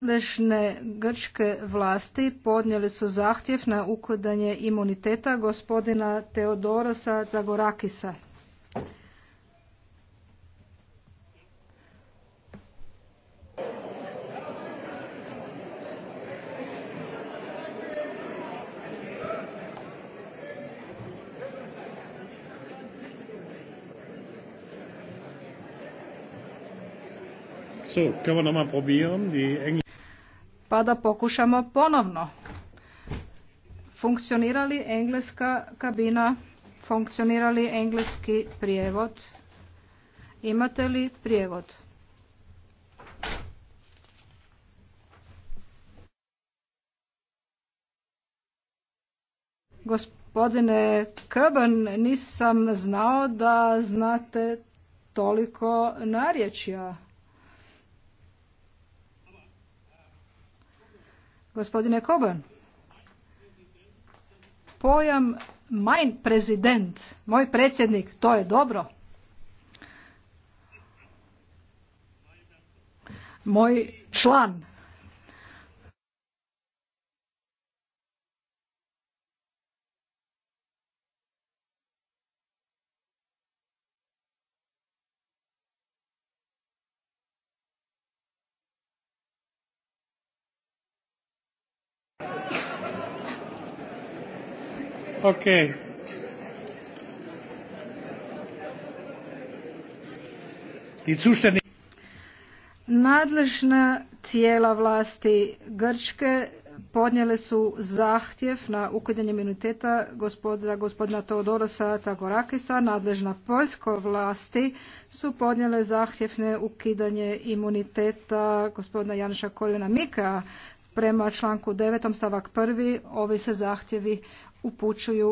Nadležne grčke vlasti podnijeli su zahtjev na ukodanje imuniteta gospodina Teodorosa Zagorakisa. So, können wir nochmal probieren. Die pa da pokušamo ponovno. Funkcionira li engleska kabina? Funkcionira li engleski prijevod? Imate li prijevod? Gospodine Krban, nisam znao da znate toliko narječja. Gospodine Coburn, pojam mein prezident, moj predsjednik, to je dobro. Moj član, Ok. Nadležna tijela vlasti Grčke podnijele su zahtjev na ukidanje imuniteta gospodina gospodina Teodorosa Cagorakisa. Nadležna poljsko vlasti su podnijele zahtjev na ukidanje imuniteta gospodina Janša Korjuna Mika Prema članku 9. stavak 1. ovi se zahtjevi upućuju